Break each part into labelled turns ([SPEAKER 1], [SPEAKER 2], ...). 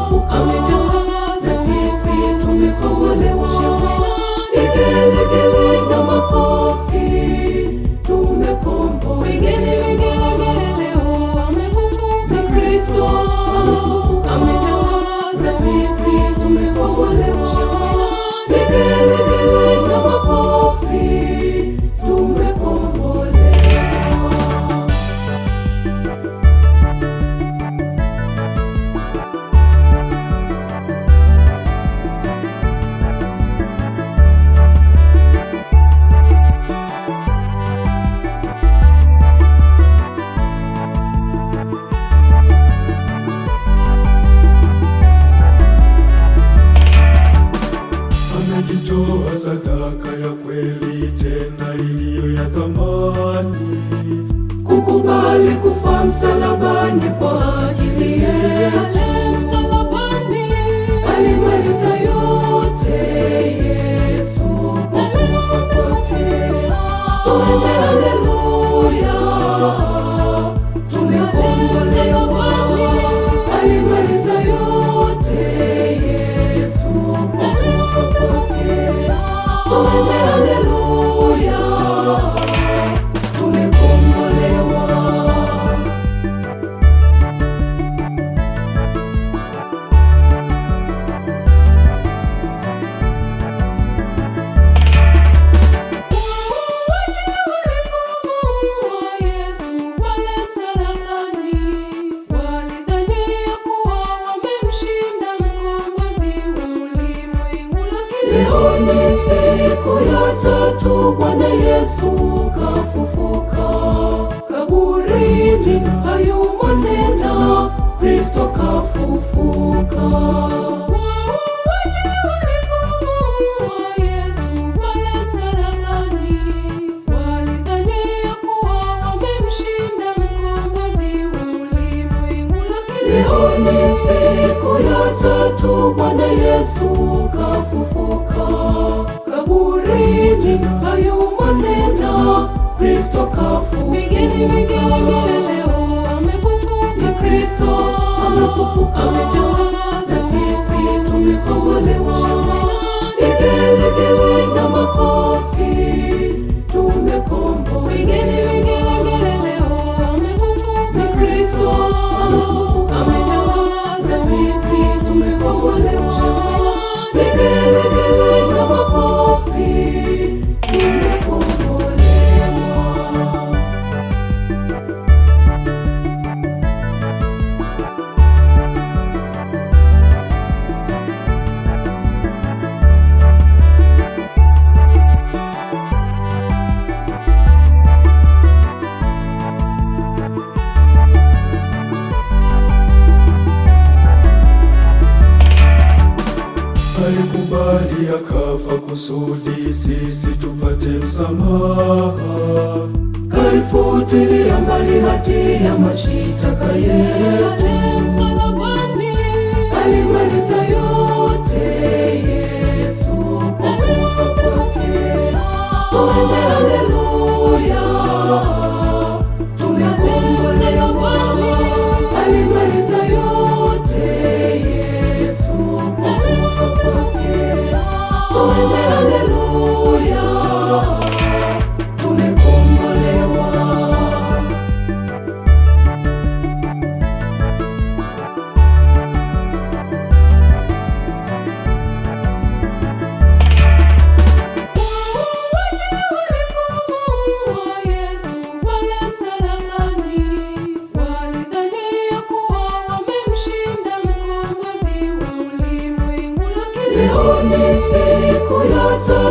[SPEAKER 1] ufufuko
[SPEAKER 2] Leo ni siku ya tatu, Bwana Yesu kafufuka. Kaburini hayumo tena, Kristo kafufuka.
[SPEAKER 1] umechoka
[SPEAKER 2] kusudi sisi tupate msamaha. Kaifutilia mbali hati ya mashitaka yetu, alimaliza yote Yesu kwa kufa kwake.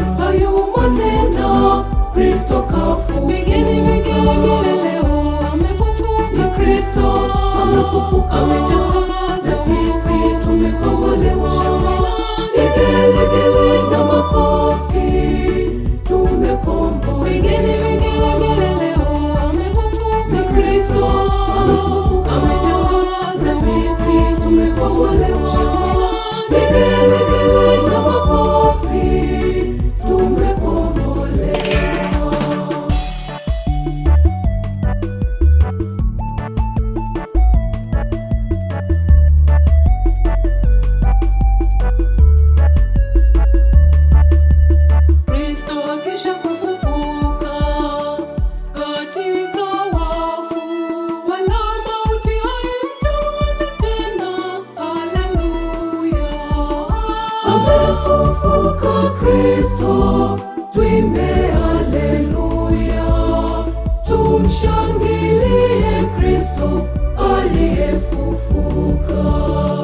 [SPEAKER 2] hayo Kristo kafu
[SPEAKER 1] vigeni amefufuka
[SPEAKER 2] Kristo amefufuka Ufufuka Kristo, tuimbe haleluya, tumshangilie Kristo aliyefufuka.